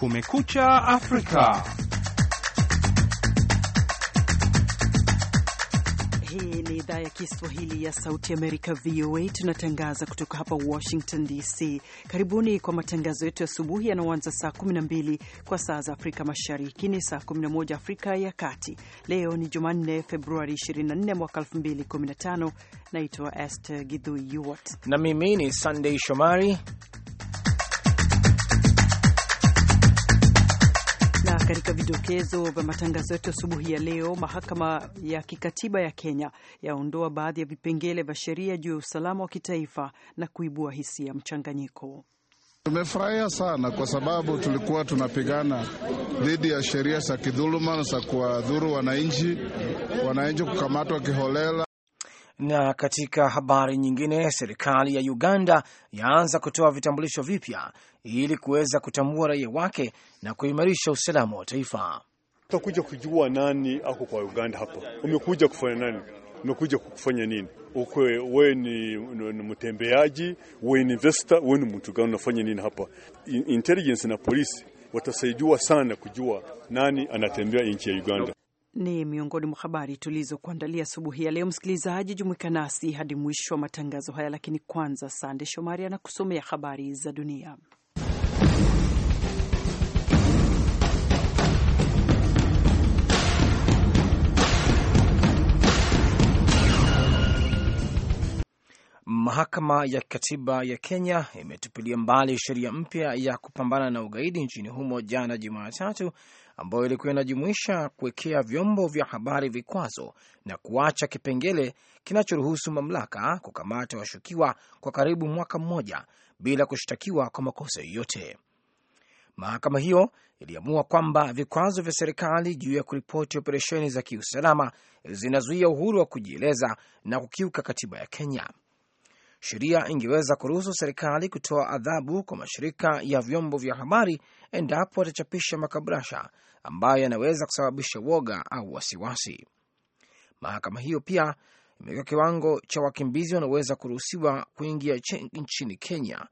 Kumekucha Afrika. Hii ni idhaa ya Kiswahili ya Sauti Amerika, VOA. Tunatangaza kutoka hapa Washington DC. Karibuni kwa matangazo yetu ya asubuhi yanaoanza saa 12 kwa saa za Afrika Mashariki, ni saa 11 Afrika ya Kati. Leo ni Jumanne, Februari 24 mwaka 2015. Naitwa Esther Gidhui Yuwat na mimi ni sandei Shomari Na katika vidokezo vya matangazo yetu asubuhi ya leo, mahakama ya kikatiba ya Kenya yaondoa baadhi ya vipengele vya sheria juu ya usalama wa kitaifa na kuibua hisia mchanganyiko. Tumefurahia sana kwa sababu tulikuwa tunapigana dhidi ya sheria za kidhuluma za kuwadhuru wananchi, wananchi kukamatwa kiholela. Na katika habari nyingine, serikali ya Uganda yaanza kutoa vitambulisho vipya ili kuweza kutambua raia wake na kuimarisha usalama wa taifa. Utakuja kujua nani ako kwa Uganda hapa umekuja kufanya nani, umekuja kufanya nini ukwe we ni, ni mtembeaji, we ni investor, we ni mtu gani, unafanya nini hapa? Intelligence na polisi watasaidiwa sana kujua nani anatembea nchi ya Uganda ni miongoni mwa habari tulizokuandalia asubuhi ya leo. Msikilizaji, jumuika nasi hadi mwisho wa matangazo haya, lakini kwanza, Sande Shomari anakusomea habari za dunia. Mahakama ya Katiba ya Kenya imetupilia mbali sheria mpya ya kupambana na ugaidi nchini humo jana Jumatatu, ambayo ilikuwa inajumuisha kuwekea vyombo vya habari vikwazo na kuacha kipengele kinachoruhusu mamlaka kukamata washukiwa kwa karibu mwaka mmoja bila kushtakiwa kwa makosa yoyote. Mahakama hiyo iliamua kwamba vikwazo vya serikali juu ya kuripoti operesheni za kiusalama zinazuia uhuru wa kujieleza na kukiuka katiba ya Kenya. Sheria ingeweza kuruhusu serikali kutoa adhabu kwa mashirika ya vyombo vya habari endapo watachapisha makabrasha ambayo yanaweza kusababisha woga au wasiwasi. Mahakama hiyo pia imeweka kiwango cha wakimbizi wanaweza kuruhusiwa kuingia nchini Kenya.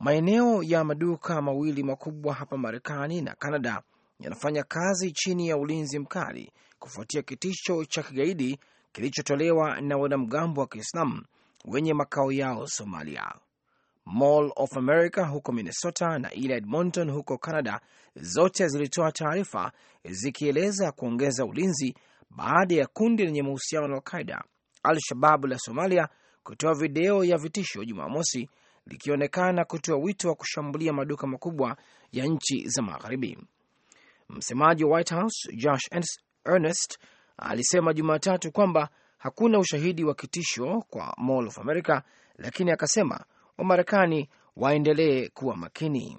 Maeneo ya maduka mawili makubwa hapa Marekani na Kanada yanafanya kazi chini ya ulinzi mkali kufuatia kitisho cha kigaidi kilichotolewa na wanamgambo wa Kiislamu wenye makao yao Somalia. Mall of America huko Minnesota na ile Edmonton huko Canada zote zilitoa taarifa zikieleza kuongeza ulinzi baada ya kundi lenye mahusiano na alqaida Al-Shababu la Somalia kutoa video ya vitisho Jumamosi likionekana kutoa wito wa kushambulia maduka makubwa ya nchi za magharibi. Msemaji wa White House Josh ernest alisema Jumatatu kwamba hakuna ushahidi wa kitisho kwa Mall of America, lakini akasema wa Marekani waendelee kuwa makini.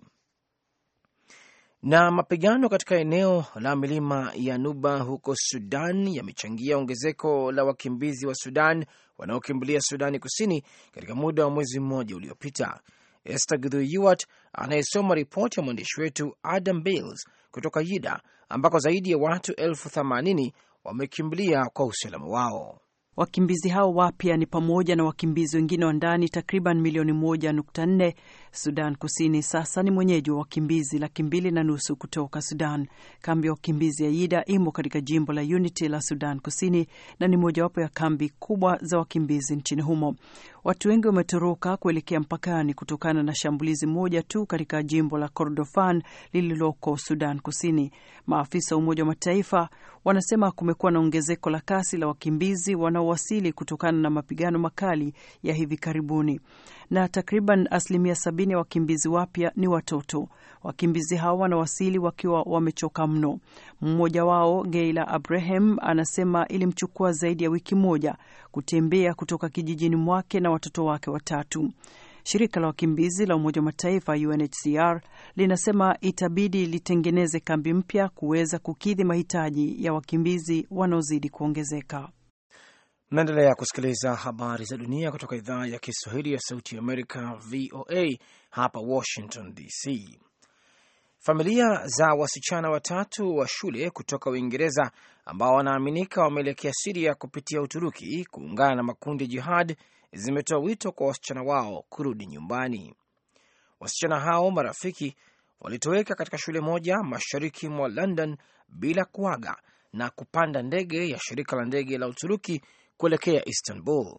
Na mapigano katika eneo la milima ya Nuba huko Sudan yamechangia ongezeko la wakimbizi wa Sudan wanaokimbilia Sudani Kusini katika muda wa mwezi mmoja uliopita. Esther Githuiwat anayesoma ripoti ya mwandishi wetu Adam Bales kutoka Yida ambako zaidi ya watu elfu themanini wamekimbilia kwa usalama wao. Wakimbizi hao wapya ni pamoja na wakimbizi wengine wa ndani takriban milioni Sudan Kusini sasa ni mwenyeji wa wakimbizi laki mbili na nusu kutoka Sudan. Kambi ya wakimbizi ya Yida imo katika jimbo la Unity la Sudan Kusini na ni mojawapo ya kambi kubwa za wakimbizi nchini humo. Watu wengi wametoroka kuelekea mpakani kutokana na shambulizi moja tu katika jimbo la Kordofan lililoko Sudan Kusini. Maafisa wa Umoja wa Mataifa wanasema kumekuwa na ongezeko la kasi la wakimbizi wanaowasili kutokana na mapigano makali ya hivi karibuni na takriban asilimia sabini wengine wakimbizi wapya ni watoto. Wakimbizi hao wanawasili wakiwa wamechoka mno. Mmoja wao Geila Abraham anasema ilimchukua zaidi ya wiki moja kutembea kutoka kijijini mwake na watoto wake watatu. Shirika la wakimbizi la Umoja wa Mataifa UNHCR linasema itabidi litengeneze kambi mpya kuweza kukidhi mahitaji ya wakimbizi wanaozidi kuongezeka. Naendelea kusikiliza habari za dunia kutoka idhaa ya Kiswahili ya Sauti ya Amerika, VOA hapa Washington DC. Familia za wasichana watatu wa shule kutoka Uingereza ambao wanaaminika wameelekea Siria kupitia Uturuki kuungana na makundi ya jihad zimetoa wito kwa wasichana wao kurudi nyumbani. Wasichana hao marafiki walitoweka katika shule moja mashariki mwa London bila kuaga na kupanda ndege ya shirika la ndege la Uturuki kuelekea Istanbul.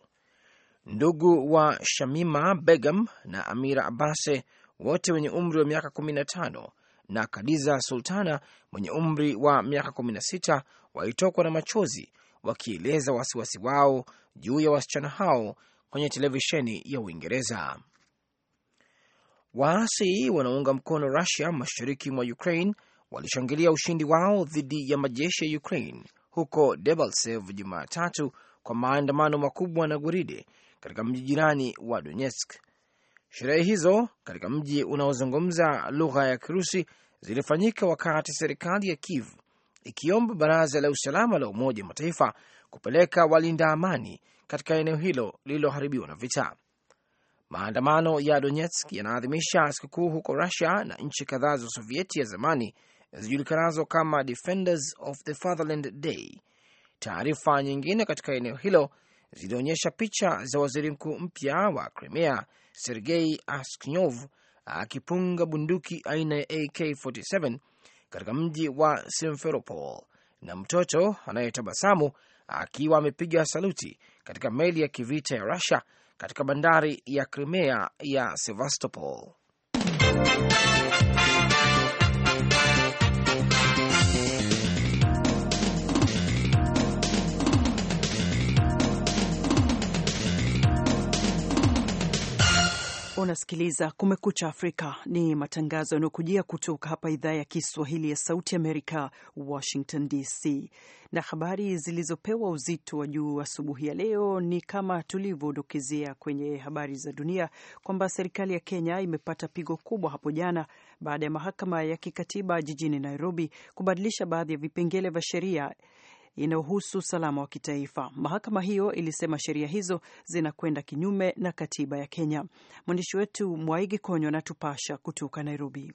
Ndugu wa Shamima Begum na Amira Abase, wote wenye umri wa miaka 15 na Kadiza Sultana mwenye umri wa miaka 16 walitokwa na machozi wakieleza wasiwasi wao juu ya wasichana hao kwenye televisheni ya Uingereza. Waasi wanaunga mkono Rusia mashariki mwa Ukraine walishangilia ushindi wao dhidi ya majeshi ya Ukraine huko Debaltseve Jumatatu, kwa maandamano makubwa na gwaride katika mji jirani wa Donetsk. Sherehe hizo katika mji unaozungumza lugha ya Kirusi zilifanyika wakati serikali ya Kiev ikiomba baraza la usalama la Umoja wa Mataifa kupeleka walinda amani katika eneo hilo lililoharibiwa na vita. Maandamano ya Donetsk yanaadhimisha sikukuu huko Russia na nchi kadhaa za Sovieti ya zamani zijulikanazo kama Defenders of the Fatherland Day Taarifa nyingine katika eneo hilo zilionyesha picha za waziri mkuu mpya wa Crimea Sergei Aksyonov akipunga bunduki aina ya AK47 katika mji wa Simferopol na mtoto anayetabasamu akiwa amepiga saluti katika meli ya kivita ya rusia katika bandari ya Crimea ya Sevastopol. Unasikiliza Kumekucha Afrika, ni matangazo yanayokujia kutoka hapa idhaa ya Kiswahili ya Sauti Amerika, Washington DC. Na habari zilizopewa uzito wa juu asubuhi ya leo ni kama tulivyodokezea kwenye habari za dunia kwamba serikali ya Kenya imepata pigo kubwa hapo jana baada ya mahakama ya kikatiba jijini Nairobi kubadilisha baadhi ya vipengele vya sheria inayohusu usalama wa kitaifa. Mahakama hiyo ilisema sheria hizo zinakwenda kinyume na katiba ya Kenya. Mwandishi wetu Mwaigi Konyo anatupasha kutoka Nairobi.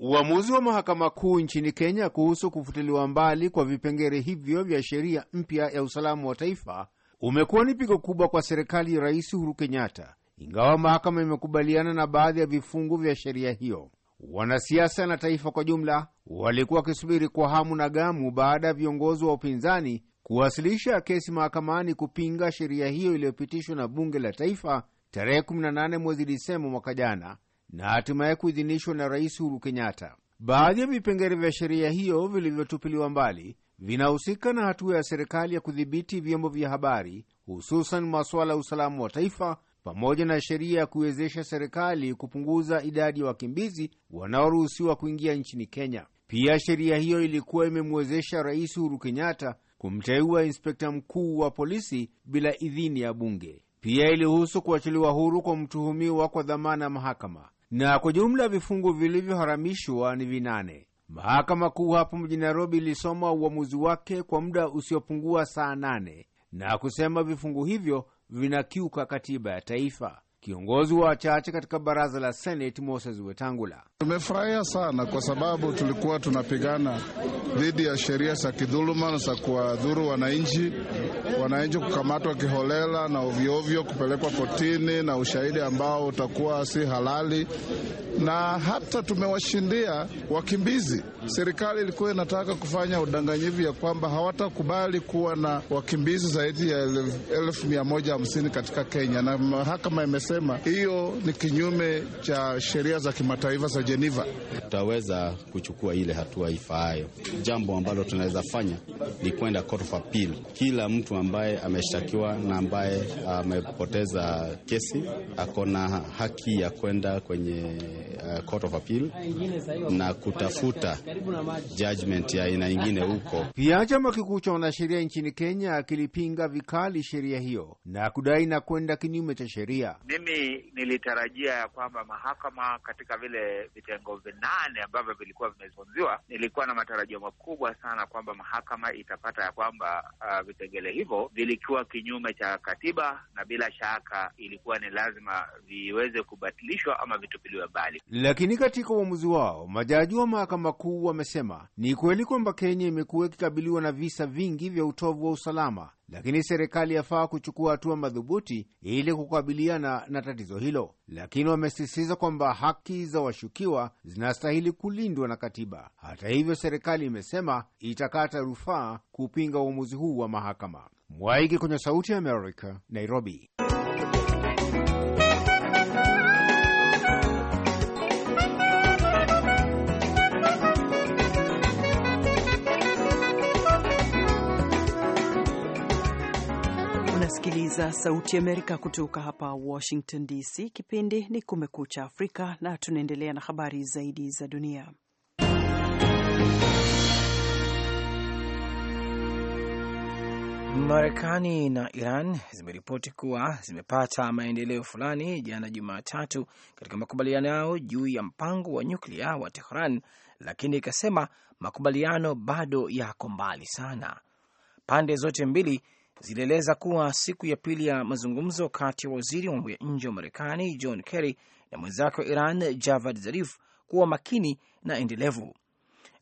Uamuzi wa mahakama kuu nchini Kenya kuhusu kufutiliwa mbali kwa vipengele hivyo vya sheria mpya ya usalama wa taifa umekuwa ni pigo kubwa kwa serikali ya Rais Uhuru Kenyatta, ingawa mahakama imekubaliana na baadhi ya vifungu vya sheria hiyo. Wanasiasa na taifa kwa jumla walikuwa wakisubiri kwa hamu na gamu baada ya viongozi wa upinzani kuwasilisha kesi mahakamani kupinga sheria hiyo iliyopitishwa na bunge la taifa tarehe 18 mwezi Disemba mwaka jana na hatimaye kuidhinishwa na Rais Uhuru Kenyatta. Baadhi ya vipengele vya sheria hiyo vilivyotupiliwa mbali vinahusika na hatua ya serikali ya kudhibiti vyombo vya habari, hususan masuala ya usalama wa taifa pamoja na sheria ya kuiwezesha serikali kupunguza idadi ya wa wakimbizi wanaoruhusiwa kuingia nchini Kenya. Pia sheria hiyo ilikuwa imemwezesha Rais Uhuru Kenyatta kumteua inspekta mkuu wa polisi bila idhini ya bunge. Pia ilihusu kuachiliwa huru kwa mtuhumiwa kwa dhamana ya mahakama, na kwa jumla vifungu vilivyoharamishwa ni vinane. Mahakama Kuu hapo mjini Nairobi ilisoma uamuzi wake kwa muda usiopungua saa nane na kusema vifungu hivyo vinakiuka katiba ya taifa. Kiongozi wa wachache katika baraza la Seneti Moses Wetangula: tumefurahia sana kwa sababu tulikuwa tunapigana dhidi ya sheria za kidhuluma na za kuwadhuru wananchi, wananchi kukamatwa kiholela na ovyoovyo kupelekwa kotini na ushahidi ambao utakuwa si halali, na hata tumewashindia wakimbizi. Serikali ilikuwa inataka kufanya udanganyivu ya kwamba hawatakubali kuwa na wakimbizi zaidi ya elfu mia moja hamsini katika Kenya na mahakama wanasema hiyo ni kinyume cha sheria za kimataifa za Geneva. Tutaweza kuchukua ile hatua ifaayo. Jambo ambalo tunaweza fanya ni kwenda court of appeal. Kila mtu ambaye ameshtakiwa na ambaye amepoteza kesi ako na haki ya kwenda kwenye eh, court of appeal na kutafuta judgment ya aina nyingine huko. Pia chama kikuu cha wanasheria nchini Kenya kilipinga vikali sheria hiyo na kudai na kwenda kinyume cha sheria. Ni mimi nilitarajia ya kwamba mahakama katika vile vitengo vinane ambavyo vilikuwa vimezungumziwa, nilikuwa na matarajio makubwa sana kwamba mahakama itapata ya kwamba uh, vipengele hivyo vilikuwa kinyume cha katiba na bila shaka ilikuwa ni lazima viweze kubatilishwa ama vitupiliwe mbali. Lakini katika uamuzi wao majaji wa mahakama kuu wamesema ni kweli kwamba Kenya imekuwa ikikabiliwa na visa vingi vya utovu wa usalama lakini serikali yafaa kuchukua hatua madhubuti ili kukabiliana na tatizo hilo. Lakini wamesisitiza kwamba haki za washukiwa zinastahili kulindwa na katiba. Hata hivyo, serikali imesema itakata rufaa kupinga uamuzi huu wa mahakama. Mwaiki kwenye Sauti ya Amerika, Nairobi. unasikiliza Sauti ya Amerika kutoka hapa Washington DC. Kipindi ni Kumekucha Afrika na tunaendelea na habari zaidi za dunia. Marekani na Iran zimeripoti kuwa zimepata maendeleo fulani jana Jumatatu katika makubaliano yao juu ya mpango wa nyuklia wa Tehran, lakini ikasema makubaliano bado yako mbali sana. Pande zote mbili zilieleza kuwa siku ya pili ya mazungumzo kati ya waziri wa mambo ya nje wa Marekani John Kerry na mwenzake wa Iran Javad Zarif kuwa makini na endelevu,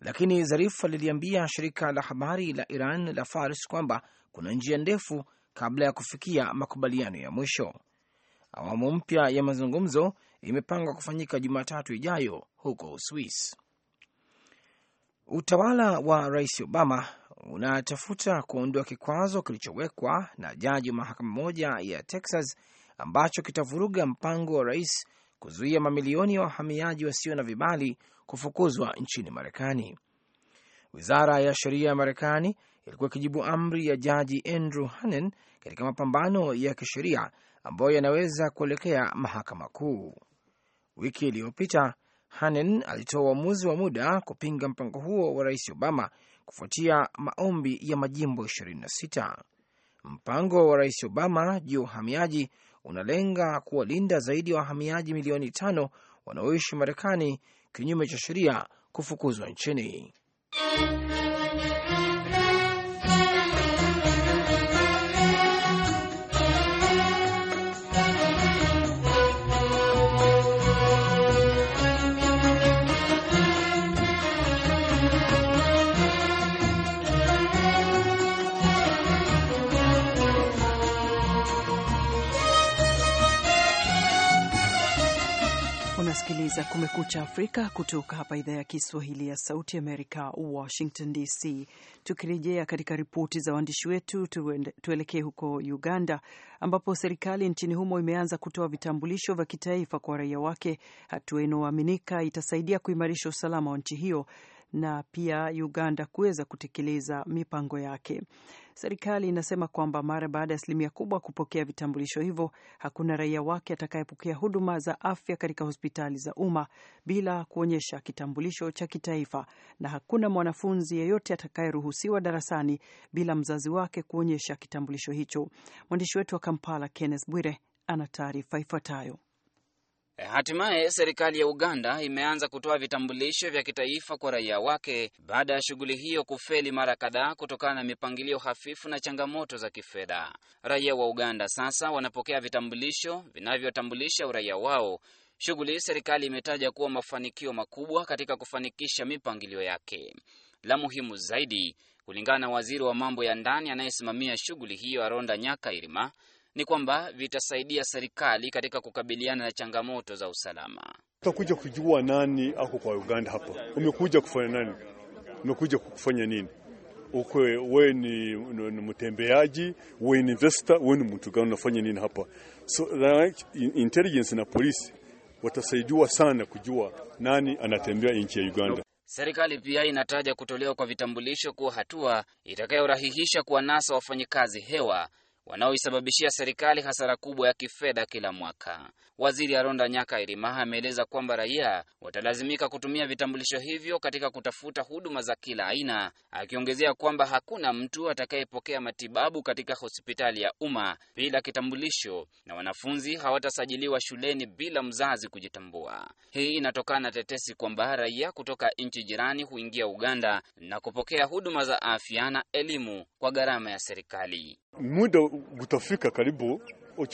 lakini Zarif aliliambia shirika la habari la Iran la Fars kwamba kuna njia ndefu kabla ya kufikia makubaliano ya mwisho. Awamu mpya ya mazungumzo imepangwa kufanyika Jumatatu ijayo huko swis Utawala wa Rais Obama unatafuta kuondoa kikwazo kilichowekwa na jaji wa mahakama moja ya Texas ambacho kitavuruga mpango wa rais kuzuia mamilioni ya wa wahamiaji wasio na vibali kufukuzwa nchini Marekani. Wizara ya sheria ya Marekani ilikuwa ikijibu amri ya jaji Andrew Hanen katika mapambano ya kisheria ambayo yanaweza kuelekea mahakama kuu. Wiki iliyopita, Hanen alitoa uamuzi wa muda kupinga mpango huo wa rais Obama kufuatia maombi ya majimbo 26. Mpango wa Rais Obama juu ya uhamiaji unalenga kuwalinda zaidi ya wa wahamiaji milioni tano wanaoishi Marekani kinyume cha sheria kufukuzwa nchini. unasikiliza Kumekucha Afrika kutoka hapa idhaa ya Kiswahili ya Sauti Amerika, Washington DC. Tukirejea katika ripoti za waandishi wetu, tuelekee huko Uganda ambapo serikali nchini humo imeanza kutoa vitambulisho vya kitaifa kwa raia wake, hatua inayoaminika itasaidia kuimarisha usalama wa nchi hiyo na pia Uganda kuweza kutekeleza mipango yake. Serikali inasema kwamba mara baada ya asilimia kubwa kupokea vitambulisho hivyo, hakuna raia wake atakayepokea huduma za afya katika hospitali za umma bila kuonyesha kitambulisho cha kitaifa, na hakuna mwanafunzi yeyote atakayeruhusiwa darasani bila mzazi wake kuonyesha kitambulisho hicho. Mwandishi wetu wa Kampala, Kenneth Bwire, ana taarifa ifuatayo. E, hatimaye serikali ya Uganda imeanza kutoa vitambulisho vya kitaifa kwa raia wake baada ya shughuli hiyo kufeli mara kadhaa kutokana na mipangilio hafifu na changamoto za kifedha. Raia wa Uganda sasa wanapokea vitambulisho vinavyotambulisha uraia wao, shughuli serikali imetaja kuwa mafanikio makubwa katika kufanikisha mipangilio yake. La muhimu zaidi, kulingana na waziri wa mambo ya ndani anayesimamia shughuli hiyo, Aronda Nyaka Irima, ni kwamba vitasaidia serikali katika kukabiliana na changamoto za usalama. Utakuja kujua nani ako kwa Uganda hapa, umekuja kufanya nani, umekuja kufanya nini? Ukwe wewe ni, ni mtembeaji, we ni investor, we ni mtu gani, unafanya nini hapa? So intelligence na polisi watasaidiwa sana kujua nani anatembea nchi ya Uganda. Serikali pia inataja kutolewa kwa vitambulisho kuwa hatua itakayorahihisha kuwanasa wafanyikazi hewa wanaoisababishia serikali hasara kubwa ya kifedha kila mwaka. Waziri Aronda Nyaka Irimaha ameeleza kwamba raia watalazimika kutumia vitambulisho hivyo katika kutafuta huduma za kila aina, akiongezea kwamba hakuna mtu atakayepokea matibabu katika hospitali ya umma bila kitambulisho na wanafunzi hawatasajiliwa shuleni bila mzazi kujitambua. Hii inatokana na tetesi kwamba raia kutoka nchi jirani huingia Uganda na kupokea huduma za afya na elimu kwa gharama ya serikali. Muda utafika karibu,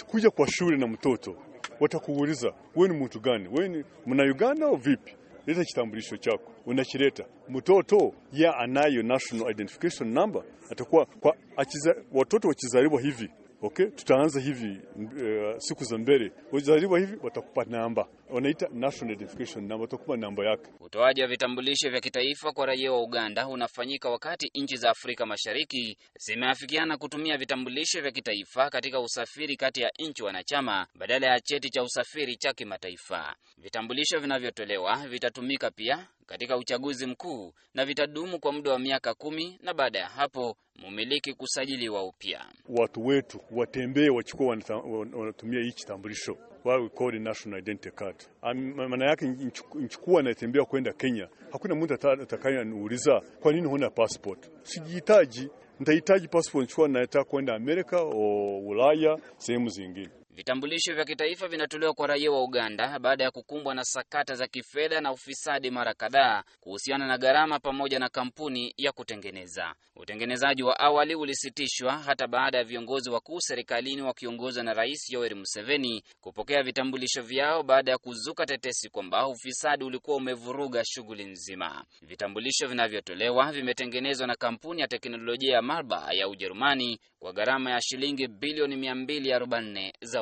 ukuja kwa shule na mtoto watakuuliza wewe ni mtu gani? Wewe ni mna Uganda au vipi? Leta kitambulisho chako, unachileta. Mtoto ya anayo national identification number, atakuwa kwa achiza, watoto wachizaliwa hivi Okay, tutaanza hivi uh, siku za mbele wajaribu hivi, watakupa namba wanaita national identification number, watakupa namba yake. Utoaji wa vitambulisho vya kitaifa kwa raia wa Uganda unafanyika wakati nchi za Afrika Mashariki zimeafikiana kutumia vitambulisho vya kitaifa katika usafiri kati ya nchi wanachama badala ya cheti cha usafiri cha kimataifa. Vitambulisho vinavyotolewa vitatumika pia katika uchaguzi mkuu na vitadumu kwa muda wa miaka kumi na baada ya hapo mumiliki kusajiliwa upya. Watu wetu watembee wachukua, wanatumia hii kitambulisho wao call national identity card. Maana yake nchukua natembea kwenda Kenya, hakuna mtu atakayeniuliza kwa nini huna passport. Sijihitaji, nitahitaji passport nchukua nataka kwenda Amerika au Ulaya, sehemu zingine. Vitambulisho vya kitaifa vinatolewa kwa raia wa Uganda baada ya kukumbwa na sakata za kifedha na ufisadi mara kadhaa kuhusiana na gharama pamoja na kampuni ya kutengeneza. Utengenezaji wa awali ulisitishwa hata baada ya viongozi wakuu serikalini wakiongozwa na Rais Yoweri Museveni kupokea vitambulisho vyao baada ya kuzuka tetesi kwamba ufisadi ulikuwa umevuruga shughuli nzima. Vitambulisho vinavyotolewa vimetengenezwa na kampuni ya teknolojia ya Marba ya Ujerumani kwa gharama ya shilingi bilioni 244 za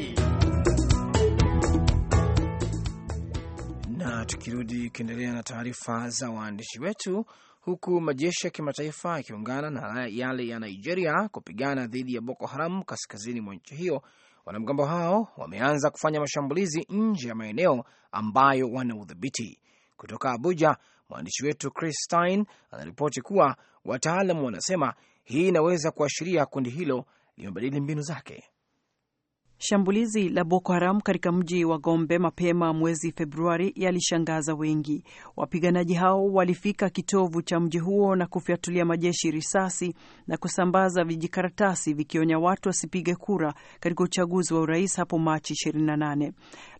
Tukirudi ukiendelea na taarifa za waandishi wetu, huku majeshi ya kimataifa yakiungana na yale ya Nigeria kupigana dhidi ya Boko Haram kaskazini mwa nchi hiyo, wanamgambo hao wameanza kufanya mashambulizi nje ya maeneo ambayo wana udhibiti. Kutoka Abuja, mwandishi wetu Chris Stein anaripoti kuwa wataalam wanasema hii inaweza kuashiria kundi hilo limebadili mbinu zake. Shambulizi la Boko Haram katika mji wa Gombe mapema mwezi Februari yalishangaza wengi. Wapiganaji hao walifika kitovu cha mji huo na kufyatulia majeshi risasi na kusambaza vijikaratasi vikionya watu wasipige kura katika uchaguzi wa urais hapo Machi 28.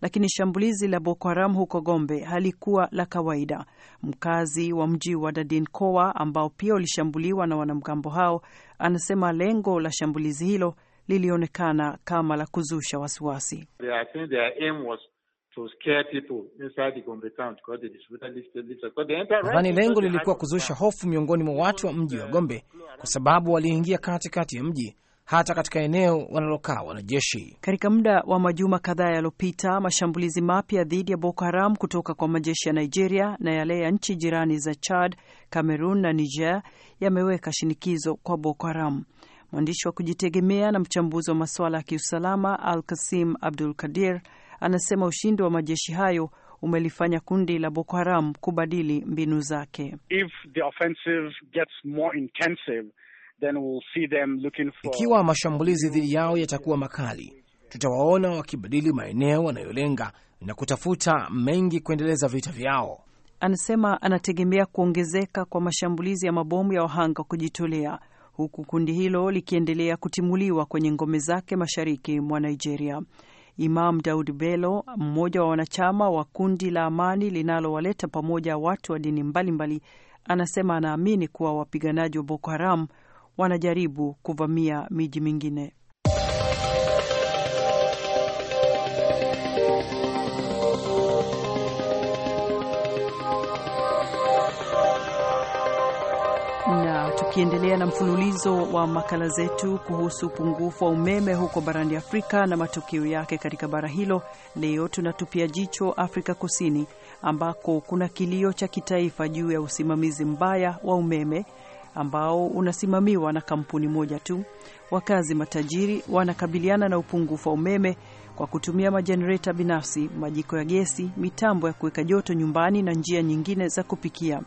Lakini shambulizi la Boko Haram huko Gombe halikuwa la kawaida. Mkazi wa mji wa Dadinkowa ambao pia ulishambuliwa na wanamgambo hao anasema lengo la shambulizi hilo lilionekana kama la kuzusha wasiwasi. Nadhani lengo lilikuwa kuzusha hofu miongoni mwa watu wa mji wa Gombe kwa sababu waliingia katikati ya mji hata katika eneo wanalokaa wanajeshi. Katika muda wa majuma kadhaa yaliyopita, mashambulizi mapya dhidi ya Boko Haram kutoka kwa majeshi ya Nigeria na yale ya nchi jirani za Chad, Cameroon na Niger yameweka shinikizo kwa Boko Haram. Mwandishi wa kujitegemea na mchambuzi wa masuala ya kiusalama Al Kasim Abdul Kadir anasema ushindi wa majeshi hayo umelifanya kundi la Boko Haram kubadili mbinu zake. If the offensive gets more intensive, then we'll see them looking for... Ikiwa mashambulizi dhidi yao yatakuwa makali, tutawaona wakibadili maeneo wanayolenga na kutafuta mengi kuendeleza vita vyao. Anasema anategemea kuongezeka kwa mashambulizi ya mabomu ya wahanga kujitolea huku kundi hilo likiendelea kutimuliwa kwenye ngome zake mashariki mwa Nigeria. Imam Daud Bello, mmoja wa wanachama wa kundi la amani linalowaleta pamoja watu wa dini mbalimbali mbali, anasema anaamini kuwa wapiganaji wa Boko Haram wanajaribu kuvamia miji mingine. Tukiendelea na mfululizo wa makala zetu kuhusu upungufu wa umeme huko barani Afrika na matukio yake katika bara hilo, leo tunatupia jicho Afrika Kusini ambako kuna kilio cha kitaifa juu ya usimamizi mbaya wa umeme ambao unasimamiwa na kampuni moja tu. Wakazi matajiri wanakabiliana na upungufu wa umeme kwa kutumia majenereta binafsi, majiko ya gesi, mitambo ya kuweka joto nyumbani na njia nyingine za kupikia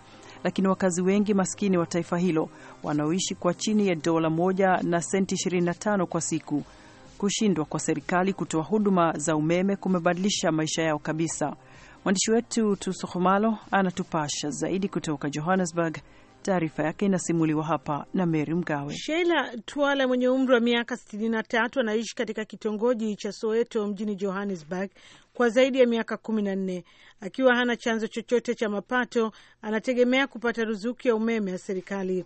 lakini wakazi wengi maskini wa taifa hilo wanaoishi kwa chini ya dola moja na senti 25 kwa siku. Kushindwa kwa serikali kutoa huduma za umeme kumebadilisha maisha yao kabisa. Mwandishi wetu Tusohumalo anatupasha zaidi kutoka Johannesburg. Taarifa yake inasimuliwa hapa na Meri Mgawe. Sheila Twala mwenye umri wa miaka 63 anaishi katika kitongoji cha Soweto mjini Johannesburg kwa zaidi ya miaka na nne akiwa hana chanzo chochote cha mapato, anategemea kupata ruzuku ya umeme ya serikali.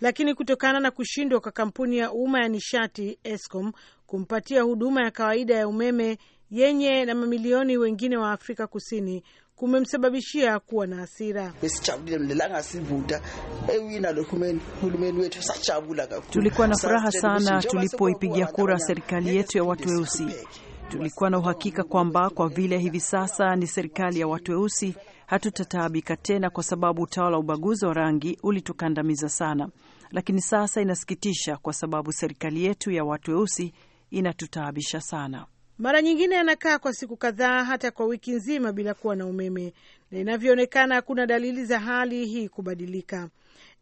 Lakini kutokana na kushindwa kwa kampuni ya umma ya nishati Eskom kumpatia huduma ya kawaida ya umeme yenye na mamilioni wengine wa Afrika Kusini kumemsababishia kuwa na hasira. Tulikuwa na furaha sana tulipoipigia kura serikali yetu ya watu weusi Tulikuwa na uhakika kwamba kwa vile hivi sasa ni serikali ya watu weusi, hatutataabika tena, kwa sababu utawala wa ubaguzi wa rangi ulitukandamiza sana. Lakini sasa inasikitisha, kwa sababu serikali yetu ya watu weusi inatutaabisha sana. Mara nyingine anakaa kwa siku kadhaa, hata kwa wiki nzima bila kuwa na umeme, na inavyoonekana hakuna dalili za hali hii kubadilika.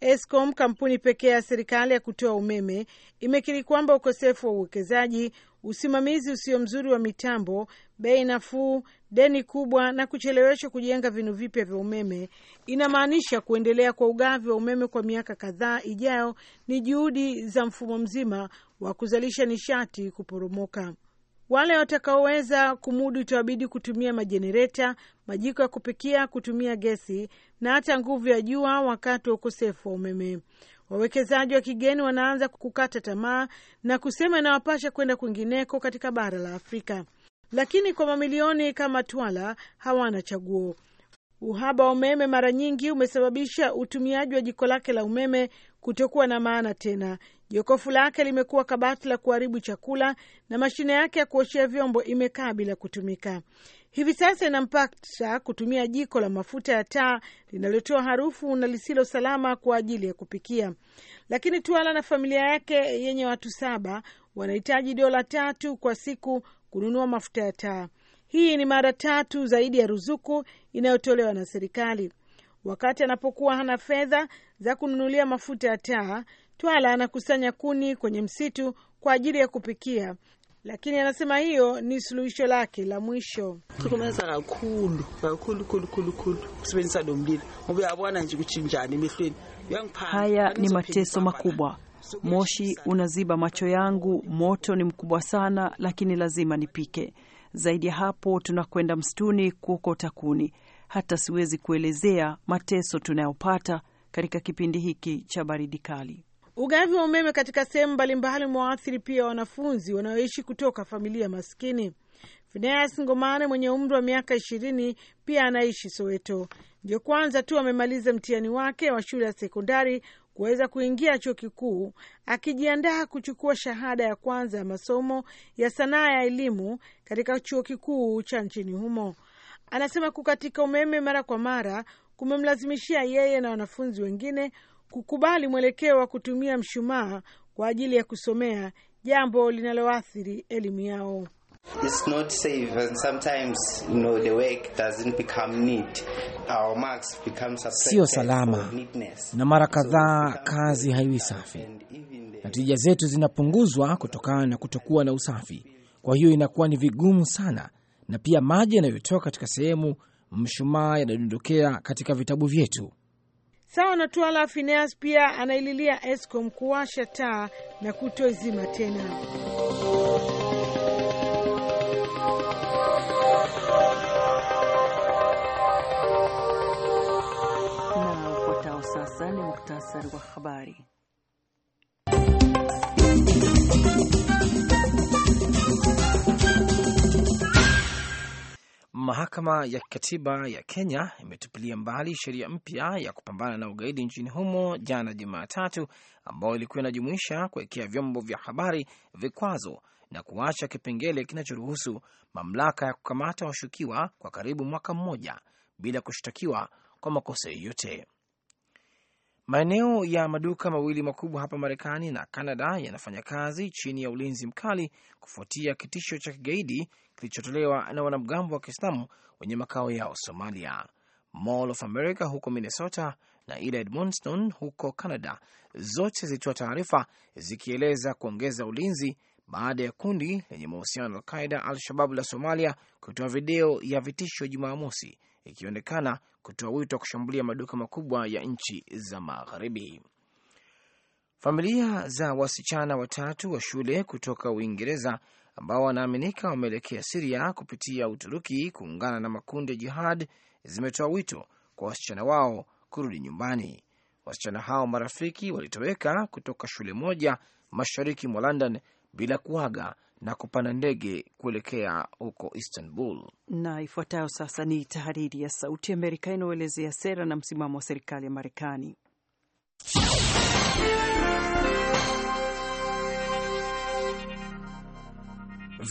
Eskom, kampuni pekee ya serikali ya kutoa umeme, imekiri kwamba ukosefu wa uwekezaji usimamizi usio mzuri wa mitambo, bei nafuu, deni kubwa na kucheleweshwa kujenga vinu vipya vya umeme, inamaanisha kuendelea kwa ugavi wa umeme kwa miaka kadhaa ijayo ni juhudi za mfumo mzima wa kuzalisha nishati kuporomoka. Wale watakaoweza kumudu itawabidi kutumia majenereta, majiko ya kupikia, kutumia gesi na hata nguvu ya jua wakati wa ukosefu wa umeme. Wawekezaji wa kigeni wanaanza kukata tamaa na kusema inawapasha kwenda kwingineko katika bara la Afrika, lakini kwa mamilioni kama Twala hawana chaguo. Uhaba wa umeme mara nyingi umesababisha utumiaji wa jiko lake la umeme kutokuwa na maana tena. Jokofu lake limekuwa kabati la kuharibu chakula na mashine yake ya kuoshea vyombo imekaa bila kutumika. Hivi sasa inampasa kutumia jiko la mafuta ya taa linalotoa harufu na lisilo salama kwa ajili ya kupikia, lakini Twala na familia yake yenye watu saba wanahitaji dola tatu kwa siku kununua mafuta ya taa. Hii ni mara tatu zaidi ya ruzuku inayotolewa na serikali. Wakati anapokuwa hana fedha za kununulia mafuta ya taa, Twala anakusanya kuni kwenye msitu kwa ajili ya kupikia lakini anasema hiyo ni suluhisho lake la mwisho. tukumeza kakhulu kakhulu khulu khulu kusebenzisa lo mlilo ngoba uyabona nje ukuthi njani emehlweni. Haya ni mateso makubwa, moshi unaziba macho yangu, moto ni mkubwa sana, lakini lazima nipike. Zaidi ya hapo, tunakwenda msituni kuokota kuni. Hata siwezi kuelezea mateso tunayopata katika kipindi hiki cha baridi kali. Ugavi wa umeme katika sehemu mbalimbali mwaathiri pia wanafunzi wanaoishi kutoka familia maskini. Fineas Ngomane mwenye umri wa miaka ishirini pia anaishi Soweto. Ndio kwanza tu amemaliza mtihani wake wa shule ya sekondari kuweza kuingia chuo kikuu, akijiandaa kuchukua shahada ya kwanza ya masomo ya sanaa ya elimu katika chuo kikuu cha nchini humo. Anasema kukatika umeme mara kwa mara kumemlazimishia yeye na wanafunzi wengine kukubali mwelekeo wa kutumia mshumaa kwa ajili ya kusomea, jambo linaloathiri elimu yao. Sio salama, na mara kadhaa kazi haiwi safi na tija zetu zinapunguzwa kutokana na kutokuwa na usafi. Kwa hiyo inakuwa ni vigumu sana, na pia maji yanayotoka katika sehemu mshumaa yanadondokea katika vitabu vyetu. Sawa na Twala Phineas pia anaililia Eskom kuwasha taa na kutoizima tena. Na ufuatao sasa ni muktasari wa habari. Mahakama ya Kikatiba ya Kenya imetupilia mbali sheria mpya ya kupambana na ugaidi nchini humo jana Jumatatu, ambayo ilikuwa inajumuisha kuwekea vyombo vya habari vikwazo na kuacha kipengele kinachoruhusu mamlaka ya kukamata washukiwa kwa karibu mwaka mmoja bila kushtakiwa kwa makosa yoyote. Maeneo ya maduka mawili makubwa hapa Marekani na canada yanafanya kazi chini ya ulinzi mkali kufuatia kitisho cha kigaidi kilichotolewa na wanamgambo wa Kiislamu wenye makao yao Somalia. Mall of America huko Minnesota na ile Edmonston huko Canada zote zilitoa taarifa zikieleza kuongeza ulinzi baada ya kundi lenye mahusiano na Alqaida Al Shababu la Somalia kutoa video ya vitisho Jumaa mosi ikionekana kutoa wito wa kushambulia maduka makubwa ya nchi za Magharibi. Familia za wasichana watatu wa shule kutoka Uingereza ambao wanaaminika wameelekea Siria kupitia Uturuki kuungana na makundi ya jihad zimetoa wito kwa wasichana wao kurudi nyumbani. Wasichana hao marafiki walitoweka kutoka shule moja mashariki mwa London bila kuaga na kupanda ndege kuelekea huko Istanbul. Na ifuatayo sasa ni tahariri ya Sauti ya Amerika inayoelezea sera na msimamo wa serikali ya Marekani.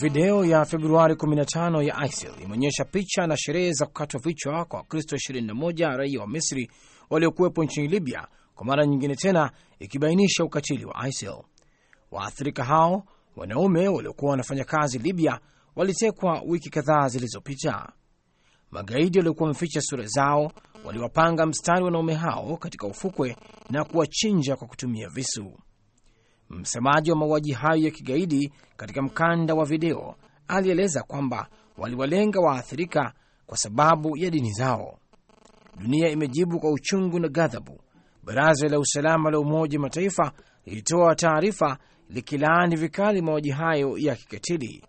Video ya Februari 15 ya ISIL imeonyesha picha na sherehe za kukatwa vichwa kwa Wakristo 21 raia wa Misri waliokuwepo nchini Libya, kwa mara nyingine tena ikibainisha ukatili wa ISIL. Waathirika hao Wanaume waliokuwa wanafanya kazi Libya walitekwa wiki kadhaa zilizopita. Magaidi waliokuwa wameficha sura zao waliwapanga mstari wanaume hao katika ufukwe na kuwachinja kwa kutumia visu. Msemaji wa mauaji hayo ya kigaidi katika mkanda wa video alieleza kwamba waliwalenga waathirika kwa sababu ya dini zao. Dunia imejibu kwa uchungu na ghadhabu. Baraza la Usalama la Umoja wa Mataifa lilitoa taarifa likilaani vikali mauaji hayo ya kikatili.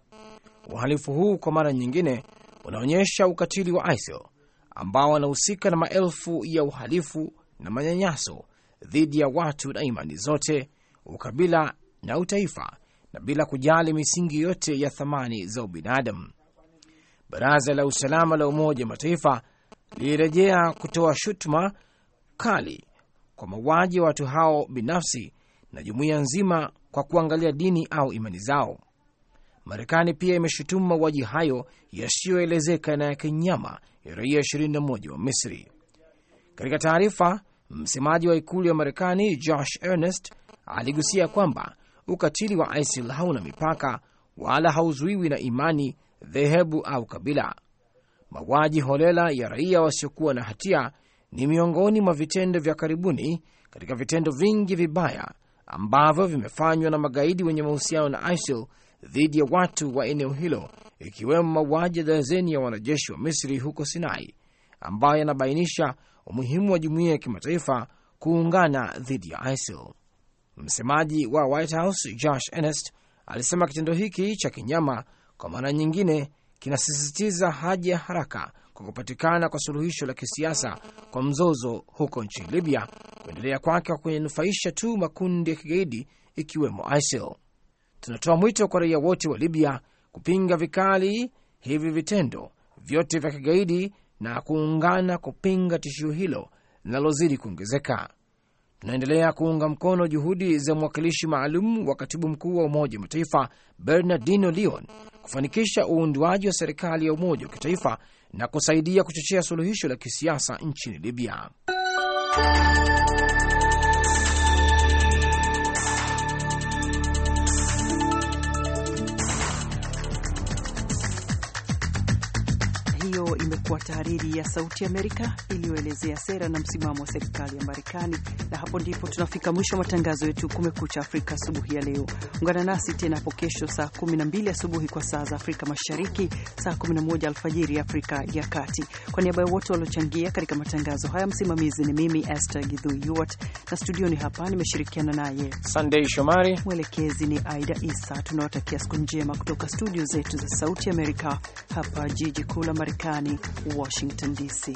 Uhalifu huu kwa mara nyingine unaonyesha ukatili wa ISIL ambao wanahusika na maelfu ya uhalifu na manyanyaso dhidi ya watu na imani zote, ukabila na utaifa, na bila kujali misingi yote ya thamani za ubinadamu. Baraza la Usalama la Umoja wa Mataifa lilirejea kutoa shutuma kali kwa mauaji ya watu hao binafsi na jumuiya nzima kwa kuangalia dini au imani zao. Marekani pia imeshutumu mauaji hayo yasiyoelezeka na ya kinyama ya raia 21 wa Misri. Katika taarifa, msemaji wa ikulu ya Marekani Josh Earnest aligusia kwamba ukatili wa ISIL hauna mipaka wala hauzuiwi na imani, dhehebu au kabila. Mauaji holela ya raia wasiokuwa na hatia ni miongoni mwa vitendo vya karibuni katika vitendo vingi vibaya ambavyo vimefanywa na magaidi wenye mahusiano na ISIL dhidi ya watu wa eneo hilo, ikiwemo mauaji ya darazeni ya wanajeshi wa Misri huko Sinai, ambayo yanabainisha umuhimu wa jumuiya ya kimataifa kuungana dhidi ya ISIL. Msemaji wa White House Josh Ernest alisema kitendo hiki cha kinyama kwa mara nyingine kinasisitiza haja ya haraka kwa kupatikana kwa suluhisho la kisiasa kwa mzozo huko nchini Libya, kuendelea kwake kwa kunufaisha tu makundi ya kigaidi ikiwemo ISIL. Tunatoa mwito kwa raia wote wa Libya kupinga vikali hivi vitendo vyote vya kigaidi na kuungana kupinga tishio hilo linalozidi kuongezeka. Tunaendelea kuunga mkono juhudi za mwakilishi maalum wa katibu mkuu wa Umoja wa Mataifa Bernardino Leon kufanikisha uundwaji wa serikali ya umoja wa kitaifa na kusaidia kuchochea suluhisho la kisiasa nchini Libya. imekuwa tahariri ya Sauti Amerika iliyoelezea sera na msimamo wa serikali ya Marekani. Na hapo ndipo tunafika mwisho wa matangazo yetu Kumekucha Afrika asubuhi ya leo. Ungana nasi tena hapo kesho saa 12 asubuhi kwa saa za Afrika Mashariki, saa 11 alfajiri Afrika ya Kati. Kwa niaba ya wote waliochangia katika matangazo haya, msimamizi ni mimi Esther Gidhu na studioni hapa nimeshirikiana naye Sandei Shomari, mwelekezi ni Aida Isa. Tunawatakia siku njema kutoka studio zetu za Sauti Amerika hapa jiji kuu la Marekani, Washington, D.C.